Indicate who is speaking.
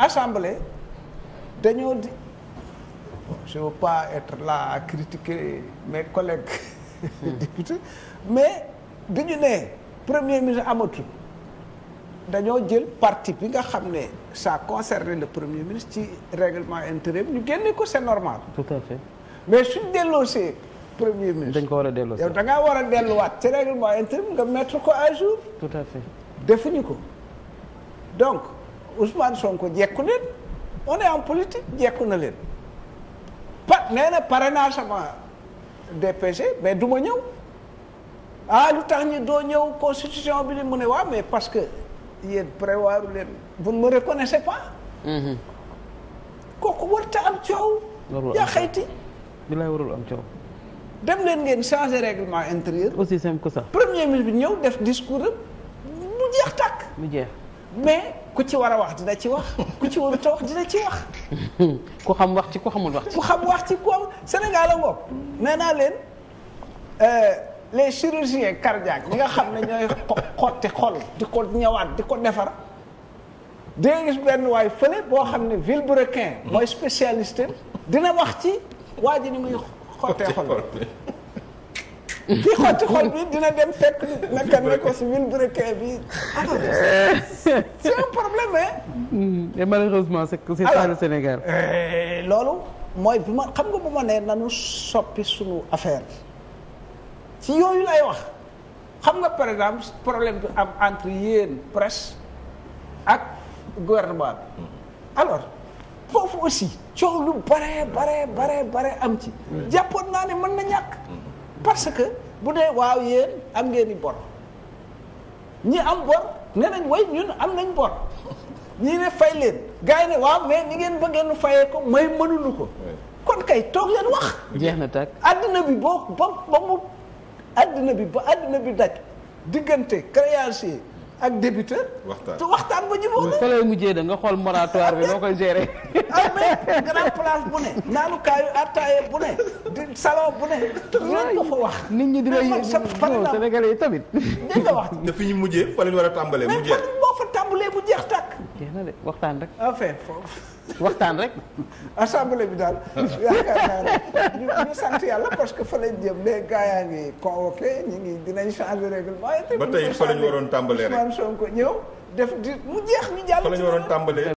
Speaker 1: assemblée dañoo di je veux pas être là à critiquer mes collègues députés mais dañu ne premier ministre amatul dañoo jël parti bi nga xam ne ça concerne le premier ministre ci règlement intérieur ñu génne ko c'est normal. tout à fait mais suñ delloosee premier ministre. dañ ko war a delloo yow da ngaa war a delluwaat ci règlement intérieur nga mettre ko à jour. tout à fait ñu ko Ousmane Sonko jekku leen on est en politique jekku na leen pa nee na parrainage sama DPG mais du ma ñëw ah lu tax ñu doo ñëw constitution bi ni mu ne waaw mais parce que yéen prévoir leen bu ne me pas. Mm-hmm. kooku warut a am coow. warul yaa xayti. bilaay warul am coow. dem leen ngeen changer réglement intérieur. aussi seen ko sax premier ministre bi ñëw def discours am mu jeex tàkk. mu jeex. mais ku ci war a wax dina ci wax ku ci war a wax dina ci wax. ku xam wax ci ku xamul wax ci. xam wax ci ku am Sénégal a ngoog nee naa leen euh, les chirurgiens cardiaques ñi nga xam ne ñooy xotti xol di ko ñëwaat di ko defar. dina gis benn waay fële boo xam ne ville vilebrequin. mooy spécialiste dina wax ci waa ji ni muy xottee xol. ki xotti xol bi dina dem fekk naka ne ko si mille brequet bi alors c'est un problème euh, loolu mooy ma xam nga bu ma nee nanu soppi suñu affaire ci yooyu lay wax xam nga par exemple problème bi am entre yéen presse ak gouvernement bi alors. foofu aussi coow lu bare bare bare bare am ci jàppoon naa ne mën na ñàkk parce que bu dee waaw yéen am ngeen i bor ñi am bor ne nañ way ñun am nañ bor ñii ne fay leen gars yi ne waaw mais ni ngeen bëggee nu fayee ko may mënuñu ko kon kay toog leen wax jeex na tàkk àddina bi boo ba ba mu àddina bi ba àddina bi daj diggante créancier ak débiteur. waxtaan te waxtaan ba jubóo na. fa lay mujjee da nga xool moratoire bi noo koy gérer. ah mais grand place bu ne. naanukaayu attaaye bu ne. di salon bu ne. loolu ko fa wax. nit ñi di lay Sénégalais yi tamit. dégg nga wax. te fi ñu mujjee fa ñu war a tàmbalee mujjee. fa tàmbalee bu jeex tàkk. jeex na de waxtaan rek. Ah, enfin foofu. waxtaan rek. assemblée bi daal yaakaar naa rek ñu parce que fa lañ yaa ngi convoqué ñu ngi dinañ changer règlement. ba tey fa la ñu waroon tàmbalee rek Ousmane Sonko ñëw def di mu jeex ñu jàll. fa la ñu waroon tàmbalee.